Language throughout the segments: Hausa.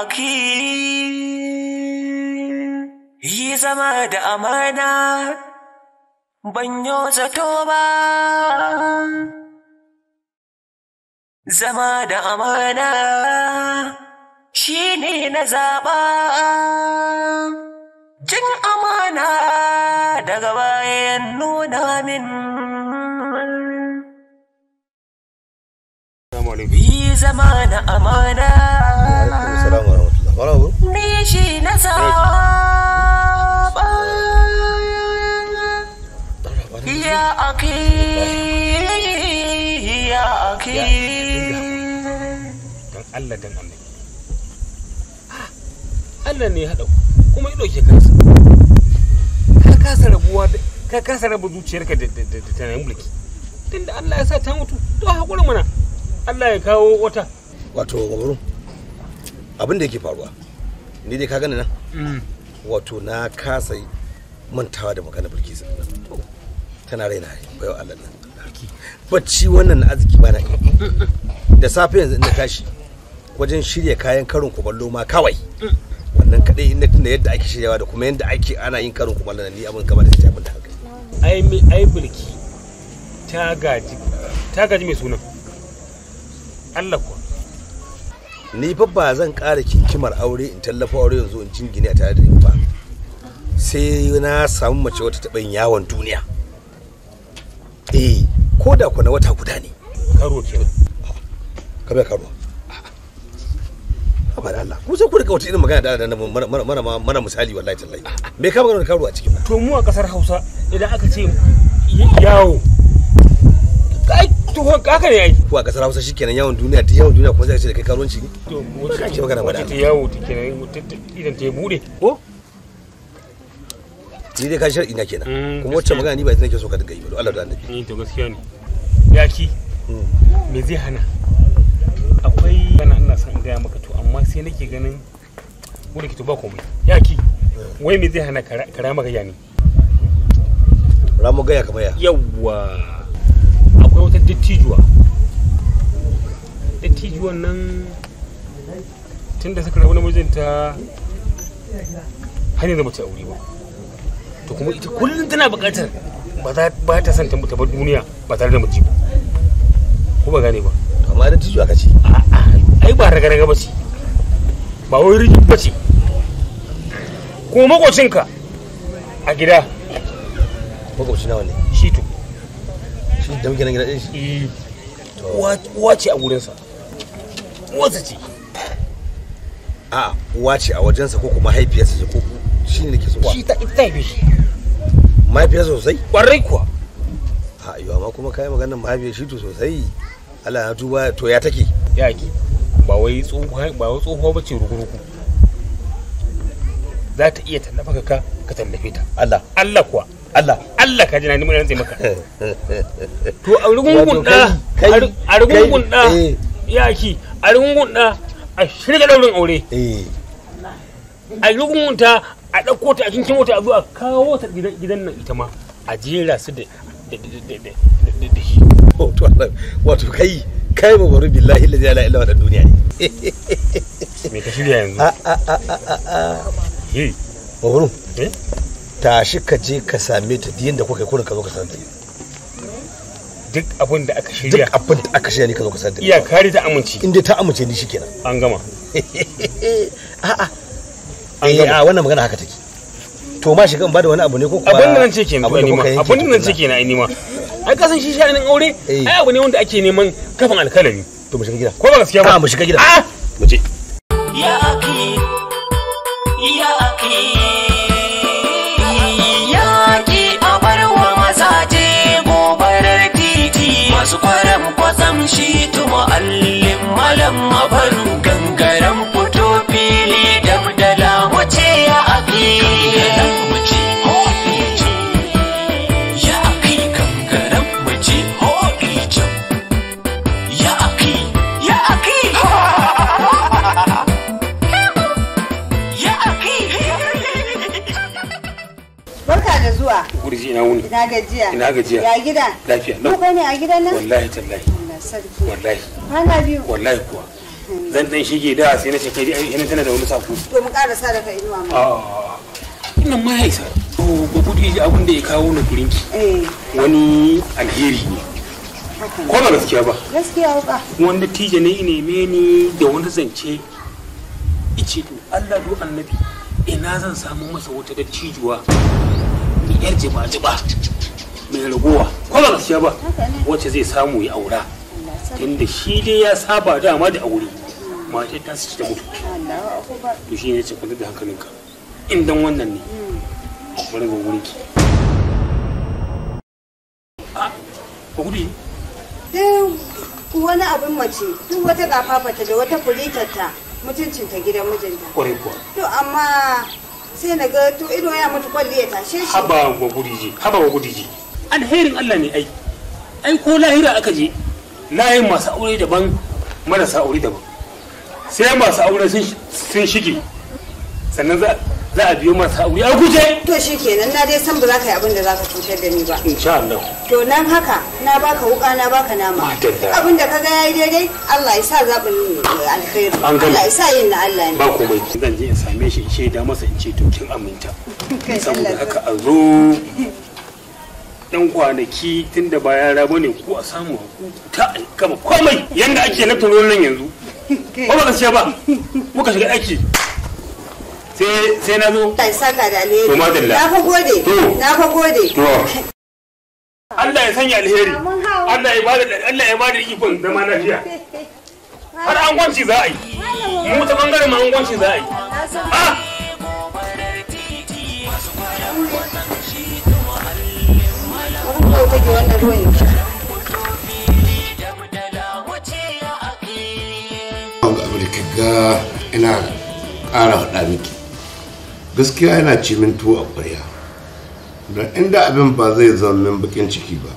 baki yi zama da amana Ban banyo zato ba zama da amana shi ne na zaɓa jin amana daga bayan nuna min yi zama da amana Bravo. Miji na zaɓa. ya Dan Allah ah, Allah ne ya kuma ido ke kansa. Ka kasa rabuwa ka kasa raba zuciyarka da mulki. Tunda Allah ya sa ta mutu, to haƙuri mana. Allah ya kawo wata. Wato, abin da yake faruwa ni dai ka gani nan mm. wato na kasa mantawa da magana bilkisu tana raina yau Allah nan bacci wannan na arziki ba na da safe yanzu na tashi wajen shirya kayan karin kumallo ma kawai wannan kadai inda tunda yadda ake shiryawa da kuma yadda ake ana yin karin kumallo ni abin kamar da tafi da haka ai ai bulki ta gaji ta gaji mai sunan Allah kuwa ni fa ba zan ƙara kinkimar aure in tallafa aure yanzu in jingine a tare da ni ba sai na samu mace wata taɓin yawon duniya eh ko da ku na wata guda ne karo ke bai karo ba da Allah ku sai ku rika wata irin magana da mara mara mara misali wallahi tallahi me ka magana karo a cikin to mu a kasar Hausa idan aka ce yawo to haka ne ai ko a kasar Hausa shikenan yawon duniya ta yawon duniya ko sai ce da kai karuwanci ne to wace ce magana ba da ta yawo ta kenan idan ta bude ko ni dai ka shar'i na kenan mm, kuma wacce magana ni ba ita nake so ka dinga yi ba Allah da annabi ni eh, to gaskiya ne yaki mm. me zai hana akwai gana ina san gaya maka to amma sai nake ganin wani ki to ba komai yaki mm. wai me zai hana kara maka yani ramu gaya kamar ya yawwa akwai wata dattijuwa dattijuwan nan tun da suka rabu na mijinta hanyar da mace aure ba to kuma ita kullum tana bukatar ba ta son ta mutu ba duniya ba tare da miji ba ko ba gane ba amma da tijo aka ce ai ba raga raga ba ba wai rigi bace ko makocinka a gida Makocin nawa ne da muke nan gidan shi uwa ce a gurinsa uwarsa ce a uwa ce a wajensa ko kuma haifiyarsa ce ko shi ne ke so shi ta ita haife shi mahaifiyarsa sosai kwarai kuwa a yi amma kuma kayan maganar mahaifiyar shi to sosai Allah ya tuba to ya take ya ke ba wai tsohuwa ba ce rukunuku za ta iya tallafa ka ka tallafe ta Allah Allah kuwa Allah Allah ka ji na nemi rantsi maka to a rungun da a rungun da eh. ki a rungun da a shirga daurin aure eh. a rungun ta a ɗauko ta a kinkin wata a zuwa kawo ta gidan nan ita ma a jera su da da shi oh, wato kai kai ba bari billahi la ilaha illa wannan duniya ne me ka shirya yanzu a a a a a tashi ka je ka same ta diyan da kuka kuna ka zo ka santa duk abin da aka shirya duk abin da aka shirya ne ka zo ka santa iya kare ta amince inda ta amince ni shikenan an gama a'a an eh, gama a wannan magana haka take to ma shiga in bada wani abu ne ko kuma abin da nan ce kenan abin da abin da nan ce kenan ai nima ai kasan shi shi sha'anin aure eh. ai abu ne wanda ake neman kafin alkalami to mu shiga gida ko ba gaskiya ba ah, mu shiga gida a ah! mu je ya aki ya aki masu kwaram kwatsam shi tumo allin malam mafarin ganga Ina gajiya. Ina gajiya. Ya gida. Lafiya. Ku kai ne a gidan nan? Wallahi tallahi. Wallahi. Hana biyu. Wallahi kuwa. Zan dan shige da sai na ce kai dai ina tana da wani sako. To mu ƙara da kai inuwa mu. Ah. Ina ma haisa. Ko kudi ji abin da ya kawo na ki. Eh. Wani alheri ne. Ko ba gaskiya ba. Gaskiya ba. Wanda tije ne me ni da wani zance ice to Allah do annabi ina zan samu masa wata dattijuwa zaɓi yar jiba-jiba mai raguwa ko ba gaskiya ba wacce zai samu ya aura tunda shi dai ya saba dama da aure mace ta su ta mutu to shi ne ce kwantar da hankalinka in dan wannan ne a bari ga wurin ki a ba gudu wani abin mace duk wata gafafata da wata kulitarta mutuncinta gidan mijinta kwarai kuwa to amma sai na ga to ido ya mutu kwalli ya tashe shi haba wa gudiji haba wa gudiji alherin Allah ne ai ai ko lahira aka je layin masu aure daban marasa aure daban sai masu aure sun shige sannan za za a biyo marasa aure a guje to shi kenan na dai san ba za ka yi abin da za ka cutar da ni ba insha Allah to nan haka na baka wuka na baka nama abin da ka ga yayi daidai Allah ya sa zabin alkhairi Allah ya sa yin na Allah ne ba komai zan je in same shi in shaida masa in ce to kin aminta saboda haka a zo dan kwanaki tunda ba yara ne ko a samu ta kama komai yanda ake na turon nan yanzu ba ba gaskiya ba muka shiga aiki sai na zo ta saka da alheri to madalla na fa gode na fa gode to Allah ya sanya alheri Allah ya bada Allah ya bada ikon ma lafiya har an gwanci za a yi mu ta bangaren ma an gwanci za a yi ah ga ina ƙara hada miki gaskiya yana ci min tuwo a ƙwarya don inda abin ba zai zama min bakin ciki ba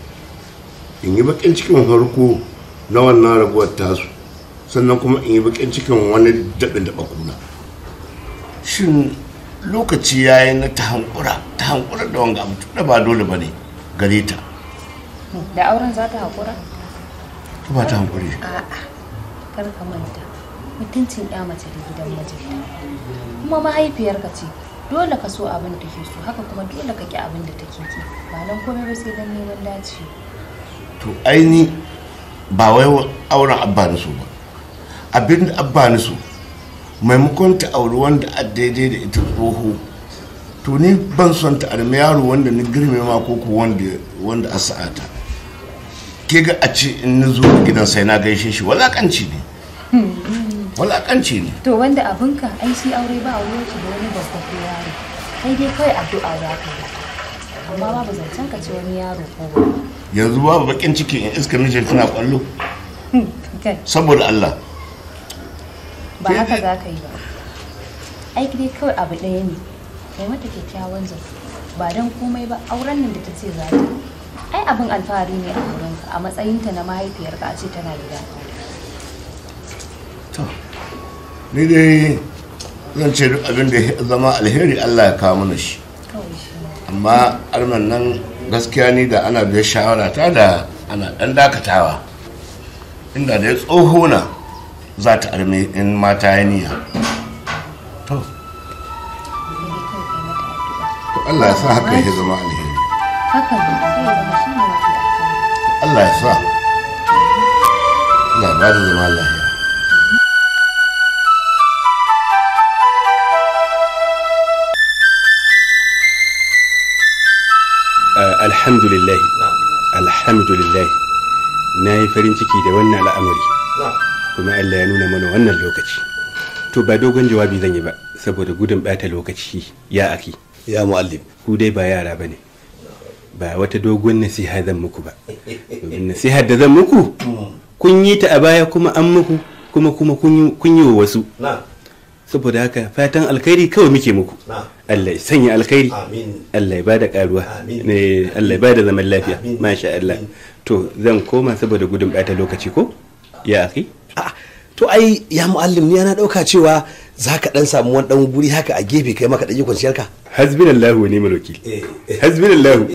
in yi bakin cikin harko na wannan raguwar tasu sannan kuma in yi bakin cikin wani daɗin daɓa kuna shin lokaci ya yi na ta hankura ta hankura da wanga abu da ba dole ba ne gare ta da auren za ta hankura? ta ba ta hankuri a'a kar ka manta mutuncin ya mace da gidan mace kuma ka ce dole ka so abin da take so haka kuma dole ka ki abin da take ki ba nan komai ba sai dan neman dace to aini ba wai auren abba na so ba abin da abba na so maimakon ta auri wanda a daidai da ita tsoho to ni ban son ta armi yaro wanda ni girme ma ko ko wanda wanda a sa'ata ke ga a ce in na zo gidan sai na gaishe shi walakanci ne wulakanci ne to wanda abinka ai shi aure ba aure ki da wani babba ko yaro kai dai kawai addu'a za ka yi amma babu zancen ka ce wani yaro ko ba yanzu babu bakin ciki in iska mijin tana kwallo hmm, saboda Allah ba haka za ka yi ba aiki dai kawai abu ɗaya ne kai mata kyakkyawan zato ba dan komai ba auren nan da ta ce za ta ai abin alfahari ne a wurinka a matsayinta na mahaifiyarka a ce tana gida ni dai zan ce duk abin da ya zama alheri allah ya kawo mana shi amma arman nan gaskiya ni da ana biyar shawara ta da ana dan dakatawa inda da ya tsoho na za ta arme in mata ya niya to allah ya sa haka ya zama alheri allah ya sa allah ya ba da zama lahiya alhamdulillahi alhamdulillahi na yi farin ciki da wannan al'amari kuma allah ya nuna mana wannan lokaci to ba dogon jawabi zan yi ba saboda gudun bata lokaci ya aki ya mu'allim ku dai ba yara ba ne ba wata dogon nasiha zan muku ba nasiha da zan muku mm. kun yi ta a baya kuma an muku kuma kuma kun yi wa wasu saboda haka fatan alkhairi kawai muke muku Allah ya sanya alkhairi Allah ya bada karuwa Allah ya bada zaman lafiya masha Allah to zan koma saboda gudun bata lokaci ko ya akai to ai ya muallim ni ana dauka cewa zaka dan samu wani dan guri haka a gefe kai maka dan yi kwanciyar ka hasbinallahu wa ni'mal wakil eh. hasbinallahu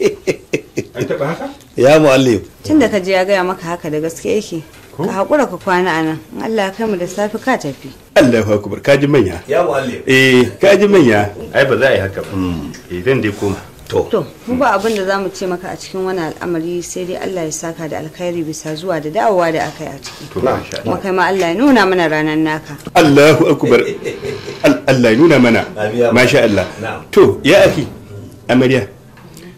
an taba haka ya muallim tun da ka je ya gaya maka haka da gaske yake ka hakura ka kwana anan Allah ya kai mu da safi ka tafi Allahu akbar kaji manya ya wale eh kaji manya ai ba za a yi haka ba idan mm. eh, dai koma to to mu ba abin da zamu ce maka a cikin wani al'amari sai dai Allah ya saka da alkhairi bisa zuwa da dawowa da aka yi a ciki to kuma kai ma Allah ya nuna mana ranar naka Allahu akbar Allah ya nuna mana masha Allah to ya aki amarya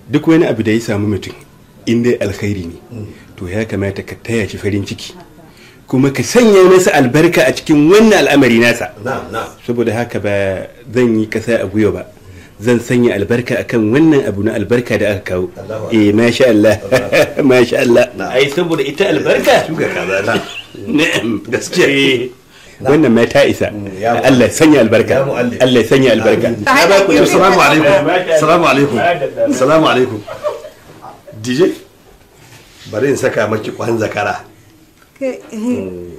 duk wani abu da ya samu mutum in dai alkhairi ne mm. to ya kamata ka taya shi farin ciki kuma ka sanya masa albarka a cikin wannan al'amari nasa saboda haka ba zan yi kasa a gwiwa ba zan sanya albarka akan wannan abu na albarka da aka kawo eh masha Allah masha Allah ai saboda ita albarka shuka kaza na'am gaskiya wannan mai ta isa mm, Allah sanya albarka Allah sanya albarka assalamu alaikum assalamu alaikum assalamu alaikum dj bari in saka maki kwan zakara Mm.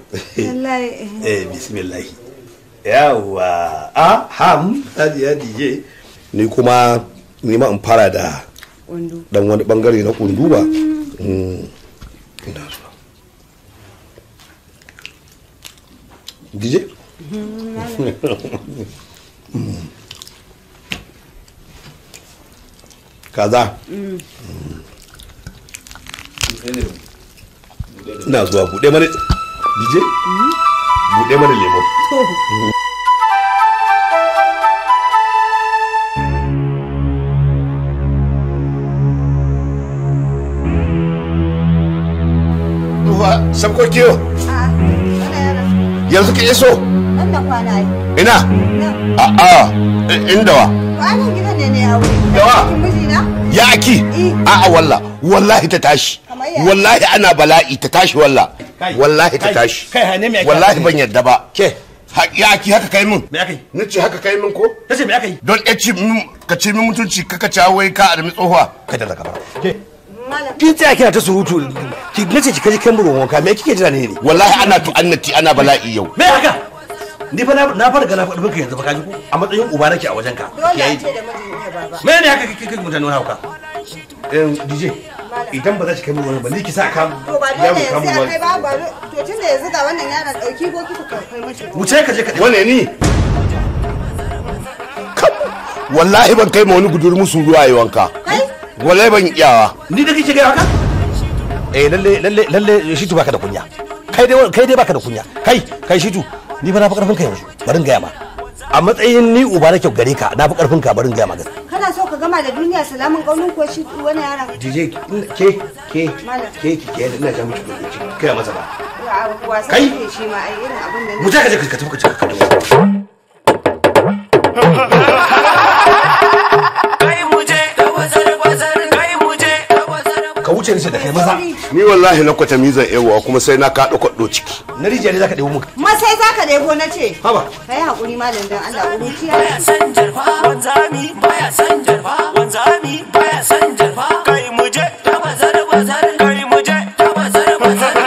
eh bismillahi yawa a ham hajiya dj ni kuma ni ma in fara da dan wani bangare na kundu ba mm. mm. dj kaza ina zuwa buɗe mana dije buɗe mana lemo Duba, sabko kiyo. Yanzu ka iso. Wanda kwana yi. E, inda wa? Kwanan gidan ne ne a wuri. dawa Ya aki? Eh. A'a walla, wallahi ta tashi. wallahi ana bala'i ta tashi walla wallahi ta tashi wallahi ban yadda ba ke ya ki haka kai min me akai ni ce haka kai min ko kace me akai don ya ci ka ci min mutunci ka ka wai ka armi tsohuwa ka da zaka ba ke kin tsaya kina ta surutu ki nace ki kaji kan burin ka me kike jira ne ne wallahi ana tu annati ana bala'i yau me haka ni fa na fara gana fa dubuka yanzu fa kaji ko a matsayin uba nake a wajen ka yayi me ne haka kike kai mutane hauka eh DJ idan ba za shi kai mu wani ba ni ki sa ka ya mu kamu wani to tun da yanzu da wannan yaran dauki ko kika kai mashi wuce ka je ka wane ni wallahi ban kai ma wani gudur musu ruwa yi wanka wallahi ban iyawa ni da kike ga haka eh lalle lalle lalle shitu baka da kunya kai dai kai dai baka da kunya kai kai shitu ni ba na fi karfin ka yanzu barin gaya ma a matsayin ni uba nake gare ka na fi karfin ka barin gaya ma gaskiya gama da duniya salamun kaunin kuwa shi wani yaran dj ke ke ke ke ke ina ja miki lokaci kai masa ba kai shi ma ai irin abin da mu ta ka je ka tafi ka ka wuce ni da kai maza ni wallahi na kwata mizan ewa kuma sai na kaɗa kwaɗo ciki na rijiya ne zaka ɗebo muka ma sai zaka ɗebo na ce haba kai hakuri malam dan Allah kuruciya baya san jarfa wanzami baya san jarfa wanzami baya san jarfa kai muje ta bazar bazar kai muje ta bazar bazar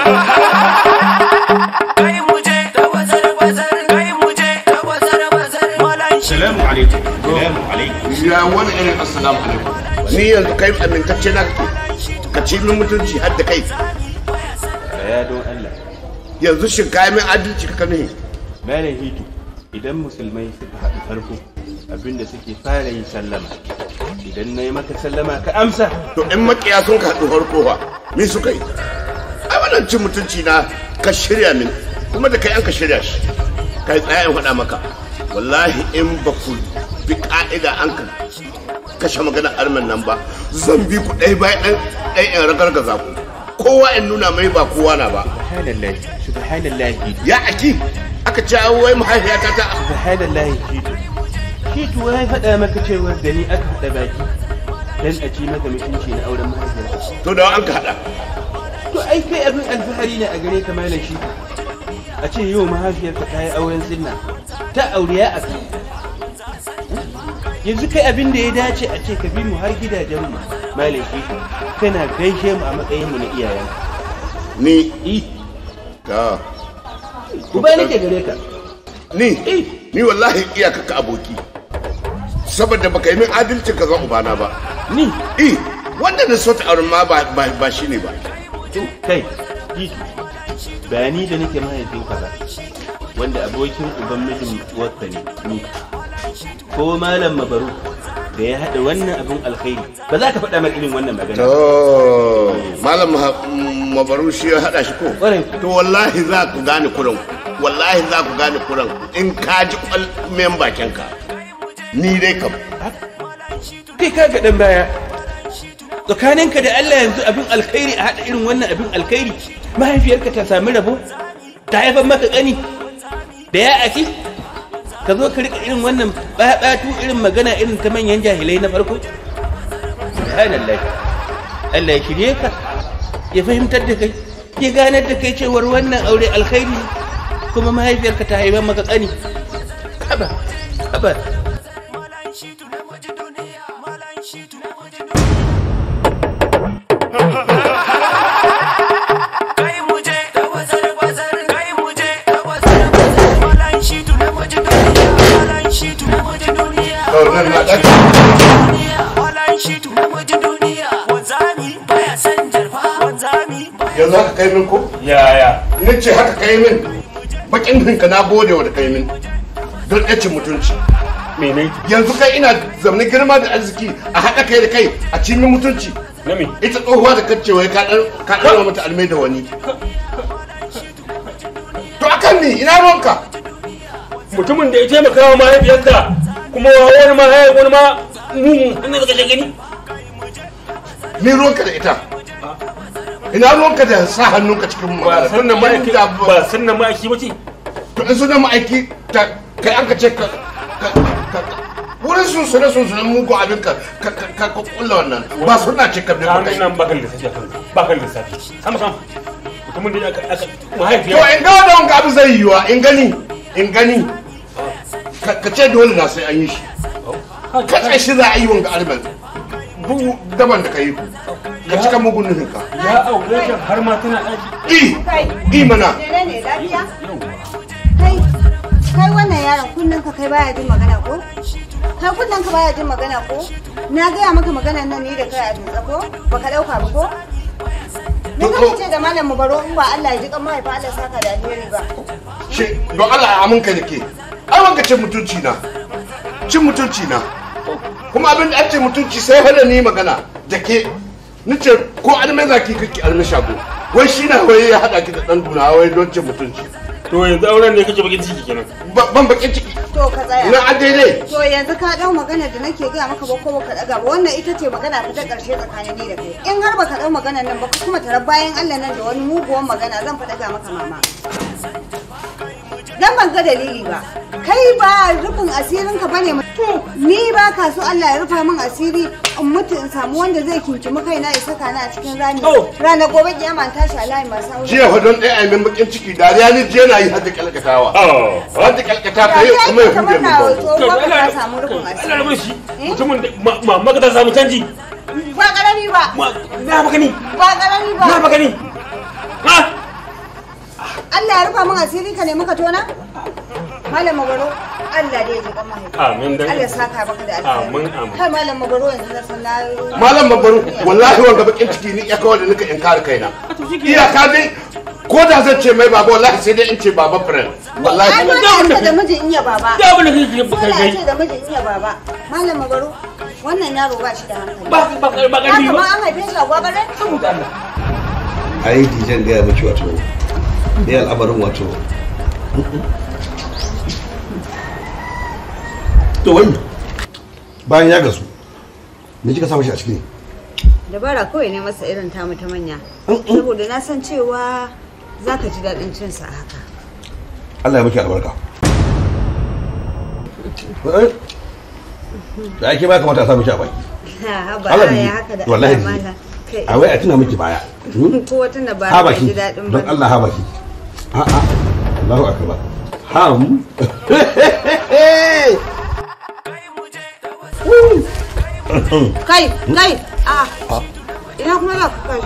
kai muje ta bazar bazar kai muje ta bazar bazar malam salamu alaikum salamu alaikum ya wani irin assalamu alaikum ni yanzu kai amintacce na kake ka ci mutunci har da kai ya don Allah yanzu shin ka adalci ka kanu malam hito idan musulmai suka haɗu farko abinda suke fara yin sallama idan na yi maka sallama ka amsa to in makiya sun ka haɗu farko ba me suka yi a wannan cin mutunci na ka shirya min kuma da kai an ka shirya shi kai tsaya in faɗa maka wallahi in ba ku bi ka'ida an ka kashe magana armen nan ba zan bi ku ɗaya bayan ɗan ɗai in ragargaza ku kowa in nuna mai ba kowa na ba subhanallahi subhanallahi ya aki aka ce an wai mahaifiyata ta subhanallahi kitu wai faɗa maka cewa da ni aka haɗa baki dan a ci maka mutunci na auren mahaifiyarsa to da an ka haɗa to ai kai abin alfahari ne a gare ka malam shi a ce yau mahaifiyarka ta yi auren sinna ta auriya a kai yanzu kai abin da ya dace a ce ka bi mu har gidajen mu malaki kana gaishe mu a matsayin mu na iyayen ni i ta bai nake gare ka ni ni wallahi iyaka ka aboki saboda baka yi min adalci ka zama ubana ba ni i wanda na so ta ma ba shi ne ba kai ba ni da nake mahaifinka ba wanda abokin uban mijin uwarka ne ni ko malam mabaru da ya haɗa wannan abin alkhairi ba za ka faɗa mai irin wannan magana to malam mabaru shi ya haɗa shi ko to wallahi za ku gane kuran wallahi za ku gane kuran in ka ji kwal bakin ka ni dai kam kai ka ga dan baya tsakaninka da Allah yanzu abin alkhairi a haɗa irin wannan abin alkhairi mahaifiyarka ta sami rabo ta haifar maka ƙani da ya aki ka zo ka rika irin wannan ɓaɓatu irin magana irin ta manyan jahilai na farko subhanallah Allah ya shirye ka ya fahimtar da kai ya ganar da kai cewar wannan aure alkhairi kuma mahaifiyarka ta haifa maka tsani haba haba kai min ko yaya ni ce haka kai min bakin hinka na gode wa da kai min don ya mutunci mene yanzu kai ina zamne girma da arziki a haɗa kai da kai a cikin mutunci ita tsohuwa da kacce wai ka ɗan mata almai da wani to akan ni ina ruwanka mutumin da ya taimaka wa mahaifiyarka kuma wani ma wani ma mumu ina da gani ni ruwanka da ita ina ruwanka da sa hannunka cikin ba sunna ma'aiki ba sunna ma'aiki ba ce to in sunna ma'aiki kai an ka ce ka wurin sun sune sun sune mugu abin ka ka kulla wannan ba sunna ce ka bi kai nan ba kan lissafi ba kan sama sama kuma da aka mahaifiya to in ga wannan ka abin zai yiwa in gani in gani ka ce dole na sai an yi shi oh. ka tsaye shi za a yi wanga alban bugu daban da ka yi ka cika mugun nufin ka ya aure ta har ma tana aiki i i mana ne lafiya kai kai wannan yaron kullun ka kai baya jin magana ko kai kullun ka baya jin magana ko na gaya maka maganan nan ne da kai a dutse ko baka dauka ba ko ne zaka ce da malam mu baro in ba Allah ya ji kan mahaifa Allah saka da alheri ba. Shi don Allah a aminka nake. Ai wanka cin mutunci na. Cin mutunci na. kuma abin da ake mutunci sai hada ni magana da ke nace ko an mai zaki kake an shago wai shi na wai ya hada ki da dan duna wai don ce mutunci to yanzu auren ne kake bakin ciki kenan ban bakin ciki to ka tsaya na a daidai to yanzu ka dau magana da nake ga maka ba ko baka daga wannan ita ce magana ta ta karshe tsakanin ni da kai in har baka dau magana nan ba kuma tarar bayan Allah nan da wani muguwan magana zan fada ga maka mama dan ban ga dalili ba kai ba rufin asirin ka bane to ni ba ka so Allah ya rufa min asiri in mutu in samu wanda zai mu kaina ya saka na a cikin rami rana gobe kiyama ta tashi Allah masu aure jiya fa don dai ai min bakin ciki da ya ni je na yi hadda kalkatawa oh. hadda kalkata kai kuma ya mu to ba ka samu rufin asiri Allah eh? rubuci mutumin ma ma ka samu canji ba karami ba na ni ba karami ba na ni ha Allah ya rufa min asiri ka nemi ka tona? Malam Magoro, Allah dai ya ji gama Amin dan. Allah saka baka da alheri. Amin amin. Kai Malam Magoro yanzu na san na Malam Magoro, wallahi wanga bakin ciki ni ya kawo da nika in kare kaina. Iya ka dai ko da zan ce mai baba wallahi sai dai in ce baba friend. Wallahi. Ai dole da miji in ya baba. Da mun kike yi baka da miji in ya baba. Malam Magoro, wannan yaro ba shi da hankali. Ba ba ba ba. Amma an haife shi a gwagware. Ai dijan ga miki wato ne al'amarin wato to wani bayan ya gasu me kika samu shi a ciki dabara kawai ne masa irin ta ta manya saboda na san cewa za ka ji daɗin cin sa haka Allah ya miki albarka da ake ba kamata a samu shi a baki Allah ya haka da wallahi a wai a tuna miki baya hmm? ko wata na ba ji daɗin ba don Allah ha baki a'a Allahu akbar ham kai kai Ah. ina kuma za ka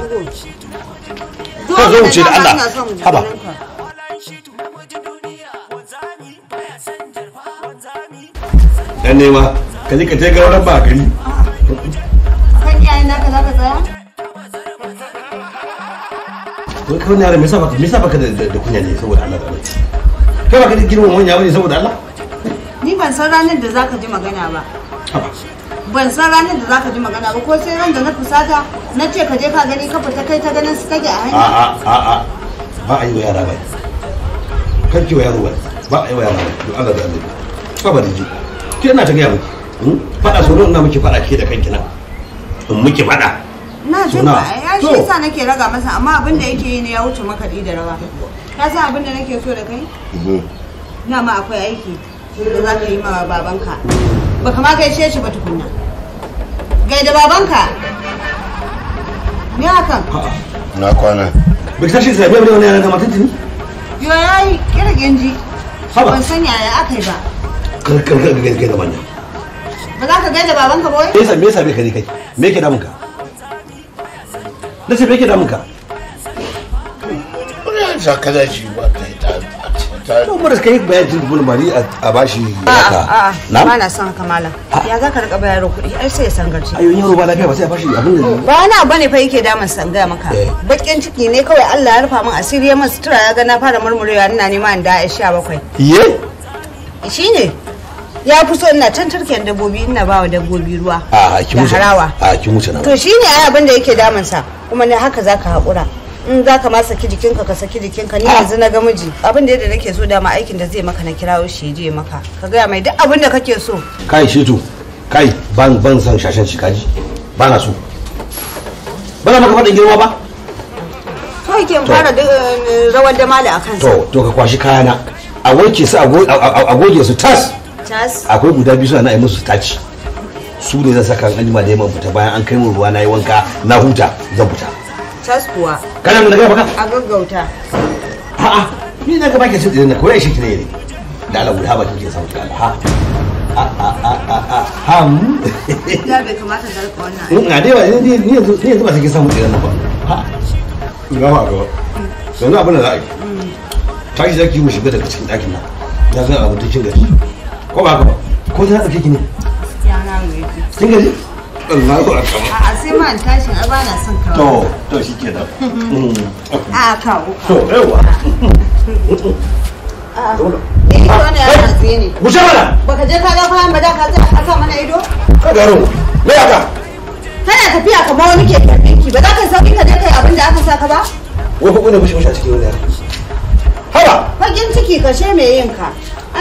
shigo ka zo wuce da Allah haba dan nema ka je ka je ga wurin ba to kawai yaran me yasa baka me yasa baka da kunya ne saboda Allah da Allah kai baka da girman wanya bane saboda Allah ni ban san ranar da zaka ji magana ba ban san ranar da zaka ji magana ba ko sai ran da na fusata na ce ka je ka gani ka fita kai ta ganin su tage a hanya a a a ba a yi wa yara ba kar ki wa yaro ba ba a yi wa yara ba to Allah da Allah ba ba da ji ke ina ta ga miki fada so ina miki fada ke da kanki na in miki fada na ji ba ai shi yasa nake raga masa amma abin da yake yi ne ya wuce makaɗi da rawa ka san abin da nake so da kai na ma akwai aiki da za ka yi ma babanka ba kama gaishe shi ba tukunna da babanka me hakan na kwana bai tashi sai bai wani yana zama tuntuni yo yayi kirgin ji ban san yaya akai ba kar kar kar da babanka ba za ka gaida babanka ba wai me yasa me yasa bai kai kai me yake damunka na ce ke damun ka sa kana ji ba ta ta to mura kai bayan jin dubul mari a bashi haka na ba na son haka malam ah. ya za ka rika bayar kuɗi ai sai ya sangarci ayo yaro ba lafiya ba sai a bashi abin da ba na ba ne fa yake damun sanga maka eh. bakin ciki ne kawai Allah ya rufa min asiri ya min sutura ya ga na fara murmurewa ina neman da 17 ye ne. ya fi so ina can turken dabbobi ina ba wa dabbobi ruwa a kin wuce harawa a kin wuce na to shine ai abin da yake damun sa kuma ne haka zaka hakura in za ka ma saki jikinka ka saki jikinka ni yanzu na ga miji abin da nake so da ma aikin da zai maka na kirawo shi je maka ka gaya mai duk abin da kake so kai shitu kai ban ban san shashen shi kaji ba na so ba na maka faɗin girma ba kai ke fara eh, rawar da mala a kansa to to ka kwashi kayana a wanke su a goge su tas akwai guda biyu suna na yi musu taci su ne zan saka an jima da yamma fita bayan an kai mu ruwa na yi wanka na huta zan fita tas kuwa kana mun gaba ka a gaggauta a'a ni na gaba ke so idan na koyar shi kire ne da Allah guda ba kike samu kala ha a a a a ham da bai kamata da wannan ina dai ne ni yanzu ni yanzu ba kike samu idan na ba ha ga ba ga sannan abin da za a yi mm. tashi zaki mu shiga daga cikin ɗakin nan ya zan abin da kin gari ko ba ka ko za a kike ne kin gaji Allahu akbar a sai ma an a bana son kawo to to shike da a kawo to yawa Ni wani ya je ka ga ba da ka tsaya ka sa mana ido? Ka garo, me haka? Kana tafiya kamar wani ke tafinki ba za ka sauki ka je kai abin da aka saka ba? Wai ku ne bushe bushe a cikin wani Haba! Fakin ciki kashe mai yin ka.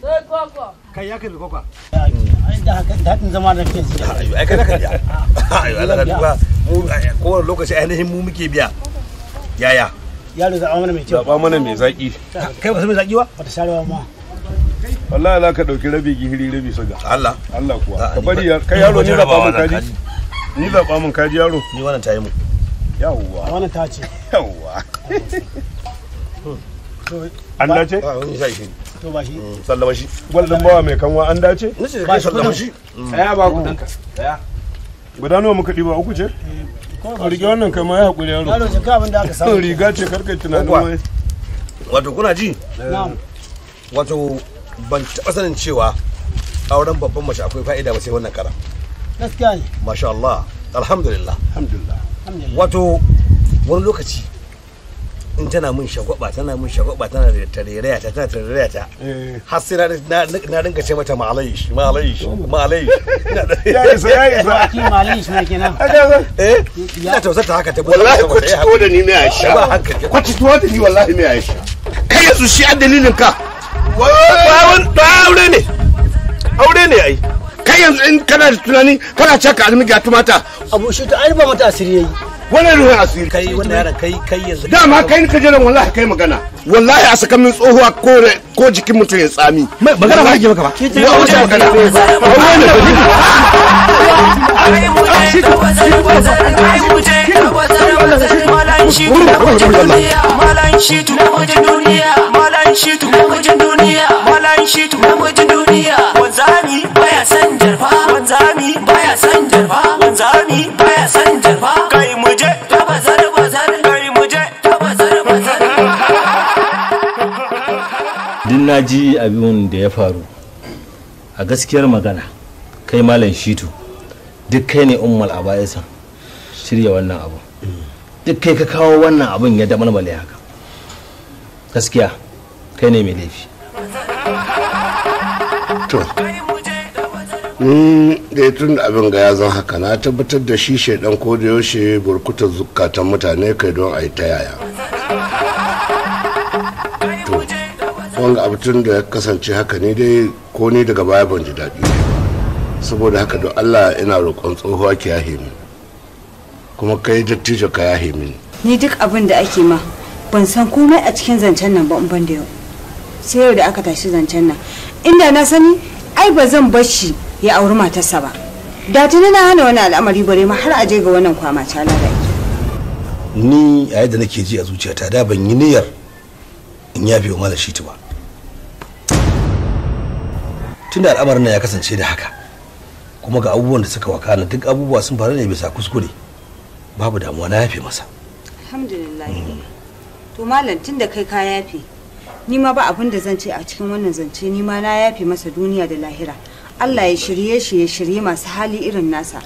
kai ya kai kwakwa da hakan zama da kai ai kai ka biya ai Allah ka duba mu kowane lokaci ainihin mu muke biya yaya yaro zaɓa mana mai kyau zaɓa mana mai zaƙi kai ba su mai zaƙi ba ba sharewa ma wallahi ka rabi gihiri rabi saga Allah Allah kuwa ka bari kai yaro ni zaɓa mun kaji ni zaɓa mun kaji yaro ni wannan ta yi mu yawwa wannan ta ce yawwa an dace to ba shi mm, sallama shi gwaldin bawa mai kanwa an dace ba shi kudin shi mm. tsaya ba kudin ka tsaya guda nawa muka ɗiba uku ce eh, riga wannan kai ma ya haƙuri yaro yaro jika abin da aka samu riga ce karkai tunanin wai wato kuna ji wato ban taɓa sanin cewa auren babban mace akwai fa'ida ba sai wannan kara gaskiya ne masha Allah alhamdulillah alhamdulillah wato wani lokaci in tana min shagwaba tana min shagwaba tana da tarayya ta tana tarayya ta eh. har sai na na dinga ce mata malai shi malayish oh. malayish malayish ya isa ya isa ki shi ne kenan eh ina tausa ta haka ta wallahi ku ci tuwo da ni mai aisha ba ku ci tuwo da ni wallahi mai aisha kai yanzu shi a dalilin ka wawan aure ne aure ne ai kai yanzu in kana da tunani kana caka almiga tumata abu shi ta ai ba mata asiri yayi wani ruhin asiri kai wani yaran kai kai yanzu dama kai ni ka jiran wallahi kai magana wallahi a saka tsohuwa ko ko jikin mutum ya tsami magana ba kike maka ba ke ce magana malan shitu ba duniya duniya duniya wanzami baya san jarfa wanzami baya san jarfa wanzami baya san jarfa kai duk na ji abin da ya faru a gaskiyar magana kai malam shitu duk kai ne ummal abayasan shirya wannan abu duk kai ka kawo wannan abin ya damalmale haka gaskiya kai ne mai laifi to da ya tun abin ga ya zan haka na tabbatar da shi shaidan ko da yaushe burkutar zukatan mutane kai don a yi ta yaya wanga tun da ya kasance haka ne dai ko ni daga baya ban ji daɗi saboda haka don allah ina roƙon tsohuwa ki yahe min kuma kai dattijo ka yahe min ni duk abin da ake ma ban san komai a cikin zancen nan ba in ban da yau sai yau da aka tashi zancen nan inda na sani ai ba zan bashi ya auri matarsa ba da tuni na hana wani al'amari bare ma har aje ga wannan kwama ta lada ni a yadda nake ji a zuciyata da ban yi niyyar in yafe wa malam shi ba tunda al'amarin nan ya kasance da haka kuma ga abubuwan da suka wakana duk abubuwa sun faru ne bisa kuskure babu damuwa na yafe masa alhamdulillah mm. to malam tunda kai ka yafe ni ma ba abin da zan ce a cikin wannan zance ni ma na yafe masa duniya da lahira Allah ya shirye shi ya shirye masu hali irin nasa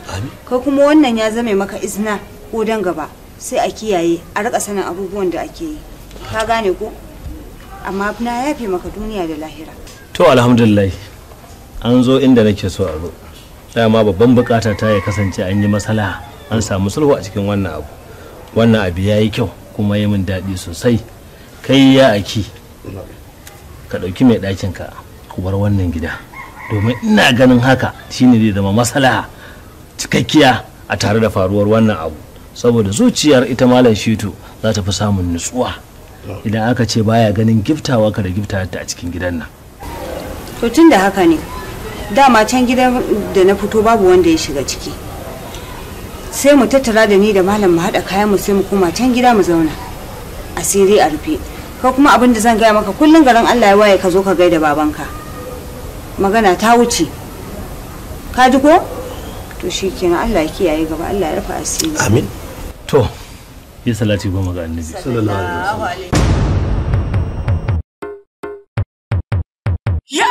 kai kuma wannan ya zame maka izina ko dan gaba sai a kiyaye a rika sanin abubuwan da ake yi ka gane ko amma na yafe maka duniya da lahira to alhamdulillah an zo inda nake so a zo dama babban bukata ta ya kasance an yi masala an samu sulhu a cikin wannan abu wannan abu ya yi kyau kuma yi min daɗi sosai kai ya aki ka ɗauki mai ɗakin ka ku bar wannan gida domin ina ganin haka shine zai zama masala cikakkiya a tare da faruwar wannan abu saboda zuciyar ita malam shitu za ta fi samun nutsuwa idan aka ce baya ganin giftawa ka da gifta ta a cikin gidan nan to tun da haka ne dama can gidan da na fito babu wanda ya shiga ciki sai mu tattara da ni da malam mu haɗa kayan mu sai mu koma can gida mu zauna asiri a rufe ka kuma abin da zan gaya maka kullum garin Allah ya waye ka zo ka gaida babanka magana ta wuce ka ji ko to shikenan Allah ya kiyaye gaba Allah ya rufe asiri amin to ya salati goma ga annabi sallallahu alaihi wasallam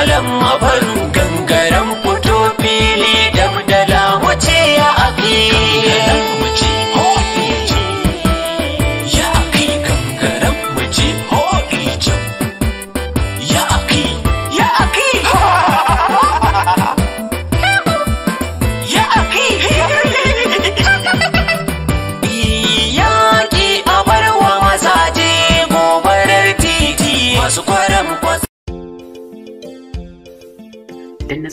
malam a farin ganga